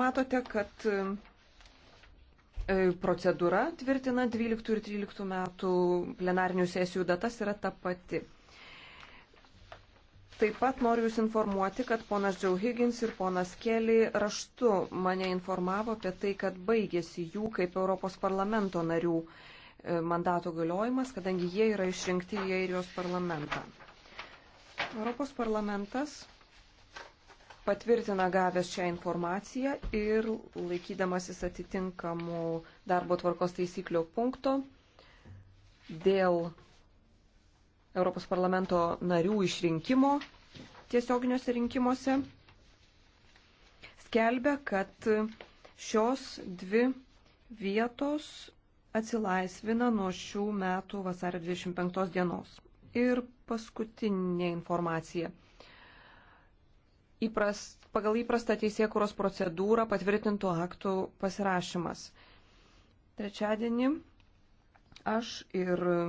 matote, kad e, procedūra tvirtina 12 ir 13 metų plenarinių sesijų datas yra ta pati. Taip pat noriu Jūs informuoti, kad ponas Džiau Higgins ir ponas Kelly raštu mane informavo apie tai, kad baigėsi jų kaip Europos parlamento narių e, mandato galiojimas, kadangi jie yra išrinkti į Airijos parlamentą. Europos parlamentas patvirtina gavęs šią informaciją ir laikydamasis atitinkamų darbo tvarkos taisyklių punkto dėl Europos parlamento narių išrinkimo tiesioginiuose rinkimuose skelbia, kad šios dvi vietos atsilaisvina nuo šių metų vasario 25 dienos. Ir paskutinė informacija įpras, pagal įprastą teisėkuros procedūrą patvirtintų aktų pasirašymas. Trečiadienį aš ir